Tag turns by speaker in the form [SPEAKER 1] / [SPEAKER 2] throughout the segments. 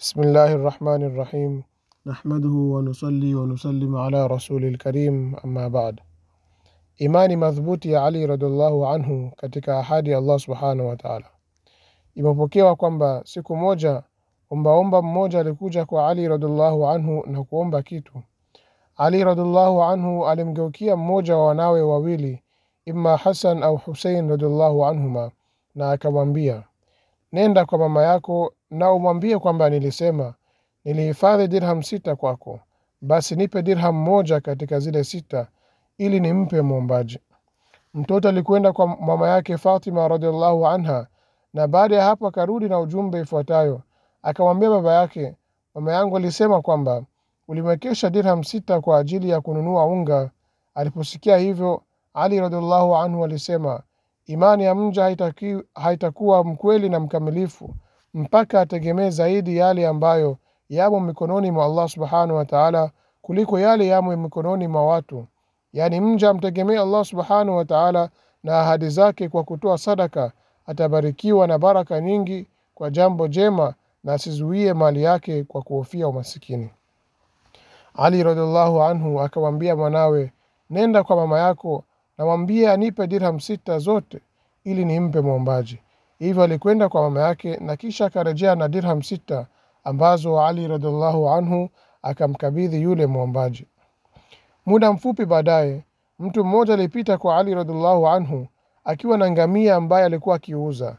[SPEAKER 1] بسم الله الرحمن الرحيم نحمده ونصلي ونسلم على rasuli الكريم amma ba'd Imani madhubuti ya Ali radhiallahu anhu katika ahadi ya Allah subhanahu wa ta'ala. Imepokewa kwamba siku moja ombaomba mmoja alikuja kwa Ali radhiallahu anhu na kuomba kitu. Ali radhiallahu anhu alimgeukia mmoja wa wanawe wawili, imma Hasan au Husein radhiallahu anhuma, na akamwambia, nenda kwa mama yako na umwambie kwamba nilisema, nilihifadhi dirham sita kwako, basi nipe dirham moja katika zile sita ili nimpe mwombaji. Mtoto alikwenda kwa mama yake Fatima radhiallahu anha, na baada ya hapo akarudi na ujumbe ifuatayo. Akamwambia baba yake, mama yangu alisema kwamba ulimwekesha dirham sita kwa ajili ya kununua unga. Aliposikia hivyo, Ali radhiallahu anhu alisema, imani ya mja haitakuwa mkweli na mkamilifu mpaka ategemee zaidi yale ambayo yamo mikononi mwa Allah subhanahu wa ta'ala kuliko yale yamo mikononi mwa watu yani mja amtegemee Allah subhanahu wa ta'ala na ahadi zake kwa kutoa sadaka atabarikiwa na baraka nyingi kwa jambo jema na asizuie mali yake kwa kuhofia umasikini Ali radhiallahu anhu akamwambia mwanawe nenda kwa mama yako na anipe dirham sita zote ili nimpe mwombaji Hivyo alikwenda kwa mama yake na kisha akarejea na dirham sita ambazo Ali radhiallahu anhu akamkabidhi yule mwombaji. Muda mfupi baadaye, mtu mmoja alipita kwa Ali radhiallahu anhu akiwa na ngamia ambaye alikuwa akiuza.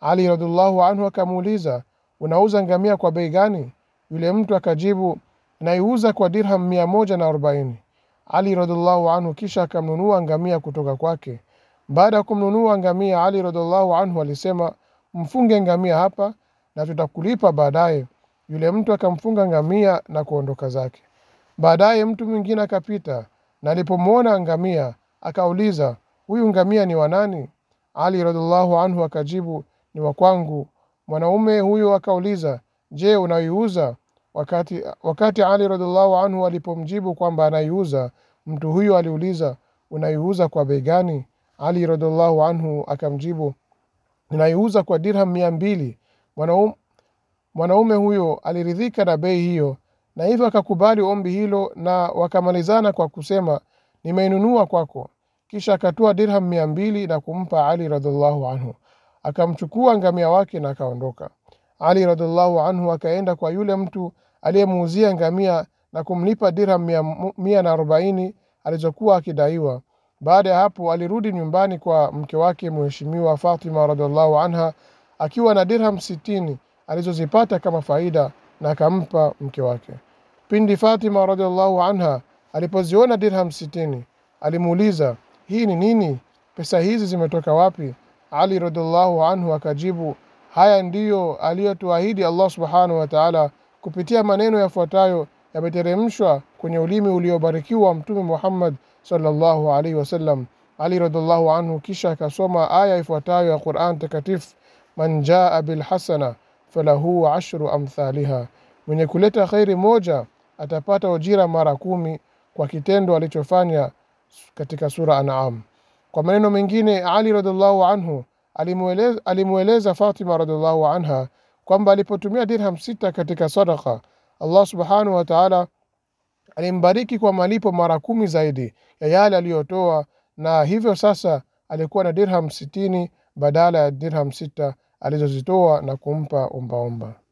[SPEAKER 1] Ali radhiallahu anhu akamuuliza, unauza ngamia kwa bei gani? Yule mtu akajibu, naiuza kwa dirham mia moja na arobaini. Ali radhiallahu anhu kisha akamnunua ngamia kutoka kwake. Baada ya kumnunua ngamia, Ali radhiallahu anhu alisema, mfunge ngamia hapa na tutakulipa baadaye. Yule mtu akamfunga ngamia na kuondoka zake. Baadaye mtu mwingine akapita, na alipomwona ngamia akauliza, huyu ngamia ni wa nani? Ali radhiallahu anhu akajibu, ni wa kwangu. Mwanaume huyo akauliza, je, unaiuza? Wakati, wakati Ali radhiallahu anhu alipomjibu kwamba anaiuza, mtu huyo aliuliza, unaiuza kwa bei gani? Ali radhiallahu anhu akamjibu, ninaiuza kwa dirham mia mbili. Mwanaume, huyo aliridhika na bei hiyo, na hivyo akakubali ombi hilo, na wakamalizana kwa kusema, nimeinunua kwako. Kisha akatoa dirham mia mbili na kumpa Ali radhiallahu anhu. Akamchukua ngamia wake na akaondoka. Ali radhiallahu anhu akaenda kwa yule mtu aliyemuuzia ngamia na kumlipa dirham mia na arobaini alizokuwa akidaiwa. Baada ya hapo alirudi nyumbani kwa mke wake mheshimiwa Fatima radhiallahu anha akiwa na dirham sitini alizozipata kama faida na akampa mke wake. Pindi Fatima radhiallahu anha alipoziona dirham sitini alimuuliza, hii ni nini? Pesa hizi zimetoka wapi? Ali radhiallahu anhu akajibu, haya ndiyo aliyotuahidi Allah subhanahu wa ta'ala kupitia maneno yafuatayo yameteremshwa kwenye ulimi uliobarikiwa Mtume Muhammad sallallahu alaihi wasallam. Ali radhiallahu anhu kisha akasoma aya ifuatayo ya Quran takatifu, man jaa bilhasana falahu ashru amthaliha, mwenye kuleta khairi moja atapata ujira mara kumi kwa kitendo alichofanya katika sura An'am. Kwa maneno mengine, Ali radhiallahu anhu alimweleza Fatima radhiallahu anha kwamba alipotumia dirham sita katika sadaka Allah subhanahu wa ta'ala alimbariki kwa malipo mara kumi zaidi ya yale aliyotoa, na hivyo sasa alikuwa na dirham sitini badala ya dirham sita alizozitoa na kumpa ombaomba.